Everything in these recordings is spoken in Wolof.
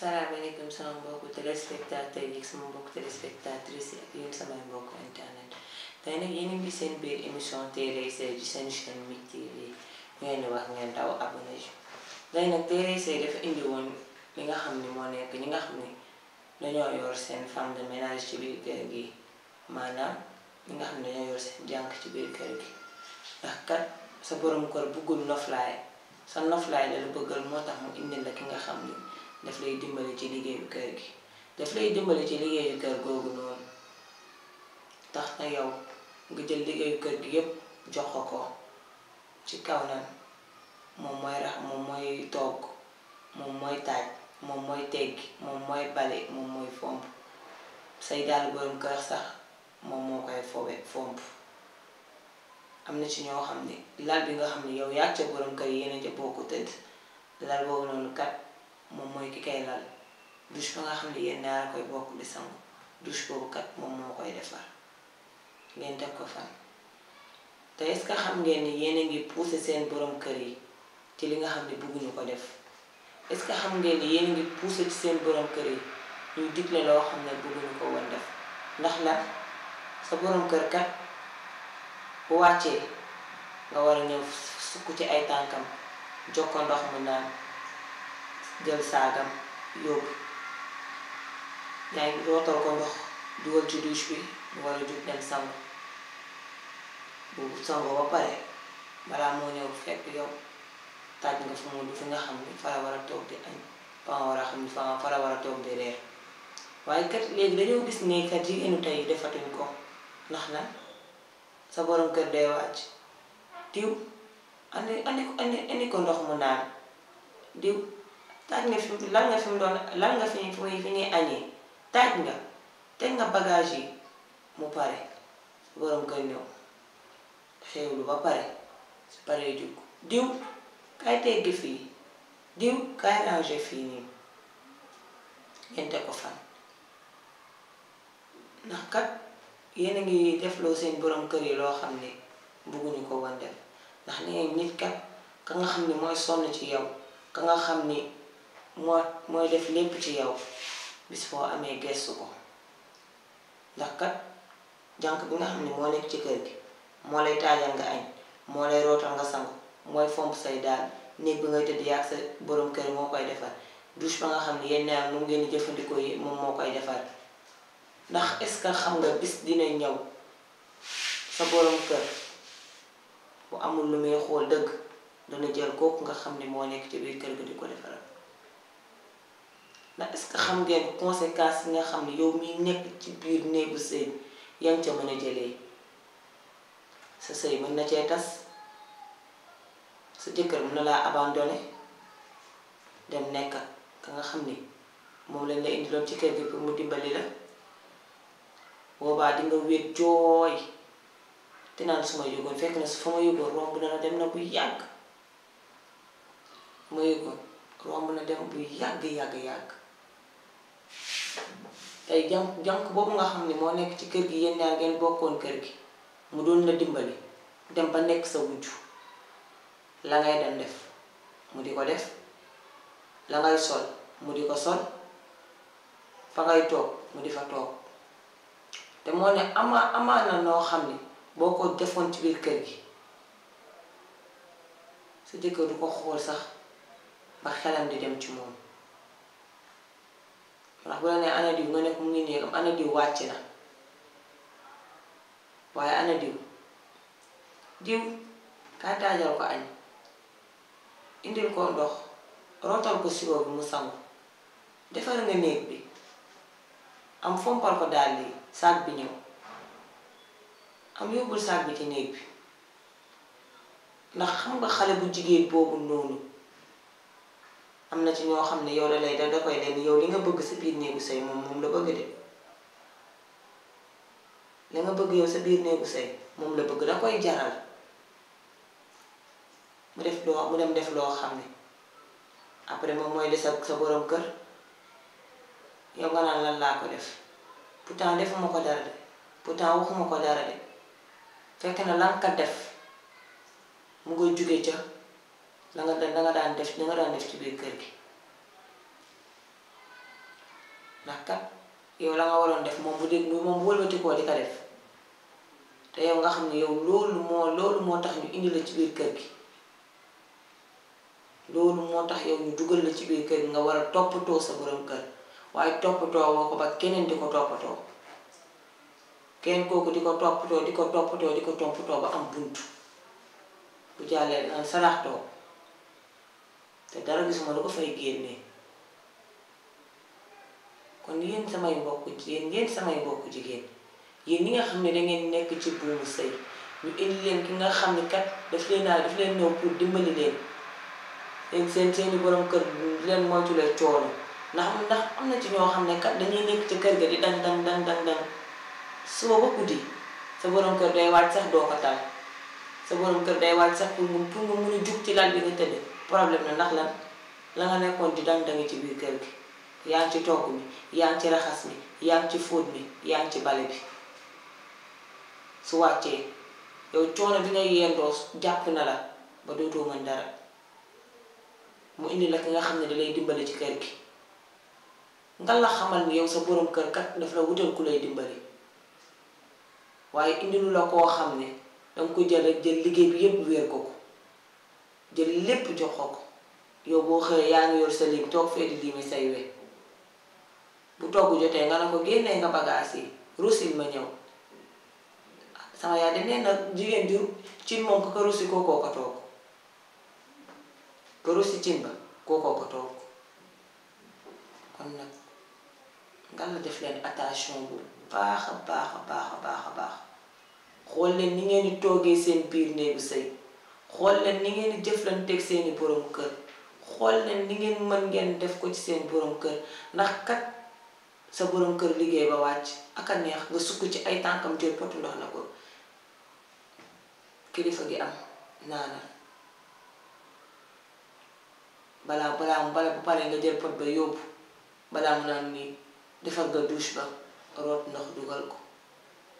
salaamaaleykum sama mbokku téléspectateur yi sama mbokku téléspectatrice yi ak yéen samay mbokku internet tey nag yéen a ngi seen biir émission téere yi sey di seen chaîne mi TV ngeen di wax ngeen ndaw abonné ji léegi nag téere yi dafa indi woon li nga xam ni moo nekk ñi nga xam ni dañoo yor seen femme de ménage ci biir kër gi maanaam ñi nga xam ne dañoo yor seen jànq ci biir kër gi ndax kat sa borom kër bëggul noflaay sa noflaay la la bëggal moo tax mu indi la ki nga xam ni. daf lay dimbali ci liggéeyu kër gi daf lay dimbali ci liggéeyu kër googu noonu tax na yow nga jël liggéeyu kër gi yépp jox ko ko ci kaw nan moom mooy rax moom mooy togg moom mooy taaj moom mooy teggi moom mooy bale moom mooy fomp say daal am na ci ñoo xam ne lal bi nga xam ne yow yaa ca borom kër boobu noonu kat mooy ki koy lal douche ba nga xam ne yéen ñaar koy bokk di sangu douche boobu kat moom moo koy defar ngeen teg ko fan te est-ce xam ngeen ni yéen a ngi poussé seen borom kër yi ci li nga xam ne bëgguñu ko def est-ce que xam ngeen yéen a seen borom kër yi ñu digle loo xam ne bugguñu ko woon def ndax la sa borom kër kat bu wàccee nga war a ñëw sukk ci ay tànkam jox ko ndox mu naan. jël saagam yóbbu yaa ngi rootal ko ndox dugal ci douche bi mu war dem sangu bu sangoo ba pare balaa moo ñëw fekk yow tàj nga fu mu fi nga xam ni fara war toog di añ fa nga war a xam ni fara war a toog di reer waaye kat léegi dañoo gis ne kat yi enu tey defatuñ ko ndax na sa borom kër day wàcc diw andi andi andi ko ndox mu naan diw taaj nga fi lan nga fi mu doon lan nga fi fi añee taaj nga teg nga bagage yi mu pare borom kër ñëw xewlu ba pare su paree jug diw kaay teggi fii diw kaay ranger fii nii ngeen ko fan ndax kat yéen a ngi defloo seen borom kër yi loo xam ne bëgguñu ko woon ndax nee nit kat ka nga xam ni mooy sonn ci yow ka nga xam ni moo mooy def lépp ci yow bis foo amee gestu ko ndax kat jànq bi nga xam ne moo nekk ci kër gi moo lay taajal nga añ moo lay rootal nga sangu mooy fomp say daal néeg bi ngay tëdd yaag sa borom kër moo koy defar douche ba nga xam ne yenn naa moom jëfandikoo yi moom moo koy defar ndax est xam nga bis dina ñëw sa borom kër bu amul lu muy xool dëgg dana jël kooku nga xam ne moo nekk ci biir kër gi di ko defaral ndax est-ce xam ngeen conséquences yi nga xam ne yow miy nekk ci biir néegu sëy yaa ngi ca mën a jëlee sa sëy mën na cee tas sa jëkkër mën na laa abandonné dem nekk ka nga xam ni moom lañ la indiloon ci kër gi pour mu dimbali la boobaa di nga wéet jooy te naan su ma yëgoon fekk na su fa ma yëgoon romb na dem na bu yàgg ma yëgoon romb na dem bu yàgg yàgg yàgg. tey jànq jànq boobu nga xam ni moo nekk ci kër gi yéen ñaar ngeen bokkoon kër gi mu doon la dimbali dem ba nekk sa wujj la ngay dem def mu di ko def la ngay sol mu di ko sol fa ngay toog mu di fa toog te moo ne ama amaa na noo xam ni boo defoon ci biir kër gi sa jëkkër du ko xool sax ba xelam di dem ci moom ndax bu la nee ana nekk mu ngi néegam ana diw wàcc na waaye ana diw diw kaa taajal ko añ indil ko ndox rootal ko siwo bi mu sangu defar nga néeg bi am fompal ko dàll yi saag bi ñëw am yóbbul saag bi ci néeg bi ndax xam nga xale bu jigéen boobu noonu am na ci ñoo xam ne yow la lay da da koy leen yow li nga bëgg sa biir néegu sëy moom moom la bëgg de li bëgg yow sa biir néegu sëy moom la bëgg da koy jaral mu def loo mu dem def loo xam ne après moom mooy des sa sa borom kër yow nga naan laa ko def pourtant defuma ko dara de pourtant waxuma ko dara de fekk na lan ka def mu koy jóge ca na nga da daan def na nga daan def ci biir kër gi ndax kat yow la nga waroon def moom bu dégg moom bu wëlbatikoo di ko def te yow nga xam ne yow loolu moo loolu moo tax ñu indi la ci biir kër gi loolu moo tax yow ñu ci biir kër gi nga war a toppatoo sa borom kër waaye toppatoo woo ko ba keneen di ko toppatoo kenn kooku di ko toppatoo di ko toppatoo di ko toppatoo ba am bunt bu jàllee sarax toog te dara gisuma lu ko fay génnee kon yéen samay mbokk yéen samay mbokk jigéen yéen ñi nga xam ne dangeen nekk ci buumu sëy ñu indi ki nga xam ne kat daf leen naa daf leen ñëw pour dimbali leen leen seen seeni borom kër di leen moytulee coono ndax ndax am na ci ñoo xam ne kat dañuy nekk ci kër ga di dang dang dang dang dang suba ba sa borom kër day waaj sax doo ko tal sa borom kër day waaj sax pour mu pour mu mun a jug ci lal bi nga tëdd problème la ndax lan la nga nekkoon di dang dangi ci biir kër gi yaa ci togg mi yaa ci raxas mi yaa ci fóot mi yaa ci bale bi su wàccee yow coono bi nga yendoo jàpp na la ba dootoo mën dara mu indi la ki nga xam ne dalay dimbale ci kër gi nga la xamal ni yow sa borom kër kat daf la wutal ku lay dimbale waaye indi lu la koo xam ne danga ko jël jël liggéey bi yépp wéer ko ko jël lépp jox ko ko yow boo xëyee yaa ngi yor sa lim toog fee di limi say we bu togg jotee nga ne ko génnee nga bagaas yi rusil ma ñëw sama yaay de nee na jigéen ju cin moom ko ko rusi kookoo ko toog kon nag nga la def leen attention bu baax baax a baax a baax a baax xool leen ni ngeen di toogee seen biir néegu sëy xool leen ni ngeen di jëflanteeg seeni borom kër xool leen ni ngeen mën ngeen def ko ci seen borom kër ndax kat sa borom kër liggéey ba wàcc ak a neex nga sukk ci ay tànkam jël potu ndox na ko kilifa gi am naanal balaa balaa bala bu paree nga jël pot ba yóbbu balaa mu naan nii defar nga douche ba root ndox dugal ko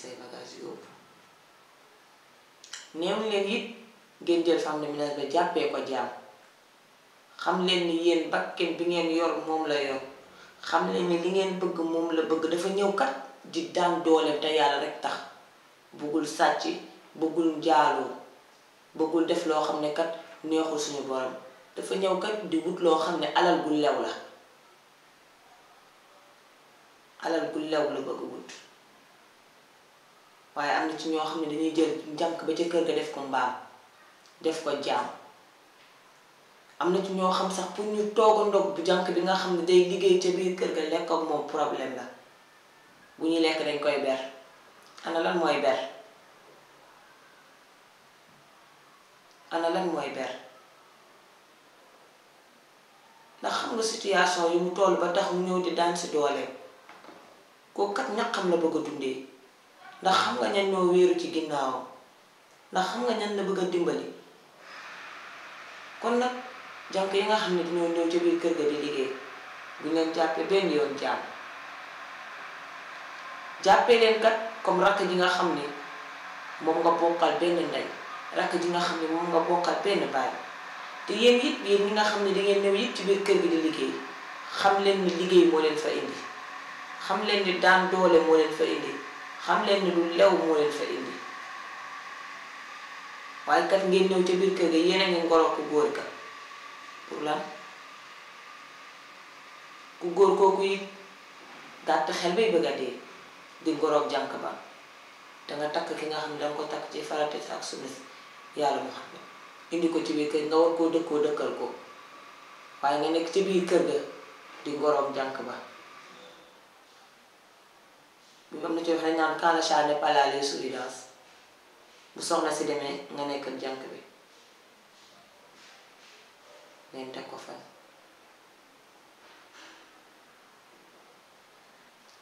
say bagage yóbbu neew leen it ngeen jël femme de ménage jàppee ko jaam xam leen ni yéen bi ngeen yor moom la yor xam leen li ngeen bëgg moom la bëgg dafa ñëw kat di daan doole te yàlla rek tax bëggul sàcc bëggul njaaloo bëggul def loo xam ne kat neexul suñu borom dafa ñëw kat di wut loo xam ne alal bu lew la alal bu lew la bëgg wut waaye am na ci ñoo xam ne dañuy jël jànk ba ca kër ga def ko mbaam def ko jaam am na ci ñoo xam sax pour ñu toog a bu jànk bi nga xam ne day liggéey ca biir kër ga lekk moom problème la bu ñuy lekk dañ koy ber ana lan mooy ber ana lan mooy ber ndax xam nga situation yi toll ba tax mu ñëw di daan si dooleem kooku kat ñaqam la bëgg a dundee ndax xam nga ñan ñoo wéeru ci ginnaawam ndax xam nga ñan la bëgg a dimbali kon nag jànk yi nga xam ne dañoo ñëw biir kër ga di liggéey bu leen jàppee benn yoon jàmm jàppee leen kat comme rakk nga xam ne moom nga bokkal benn ndey rakk ji nga xam ne moom nga bokkal benn baay te yéen it nga xam ne da ngeen ñëw ci biir kër gi di liggéey xam leen ni liggéey moo leen fa indi xam leen ni daan doole moo leen fa indi xam leen ni lu lew moo leen fa indi waaye kat ngeen ñëw ca biir kër ga yéen a ngi ngoro ku góor ka pour lan ku góor kooku it gàtt xel bay bëgg a dee di ngoroog jànk ba da nga takk ki nga xam ne da ko takk ci farate ak sunna yàlla mu xam ne indi ko ci biir kër nga war koo dëkkoo dëkkal ko waaye nga nekk ci biir kër ga di ngoroog jànk ba am na ci wax dañ naan quand le chat bu soxna si demee nga nekk ak jànk bi ngeen ko fan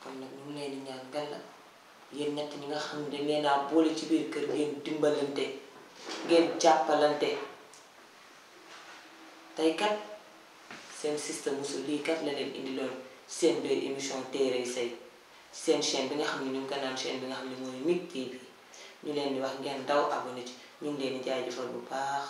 kon nag ñu ngi leen ñaan gàlla yéen ñett ñi nga xam ne dañ leen boole ci biir kër ngeen dimbalante ngeen jàppalante tey kat seen système musul lii kat la leen indi seen biir émission téere sëy seen chaîne bi nga xam ne ñu ngi ko bi nga xam ne mooy MIK TV ñu leen di wax ngeen daw abonné ci ñu ngi leen di jaajëfal bu baax.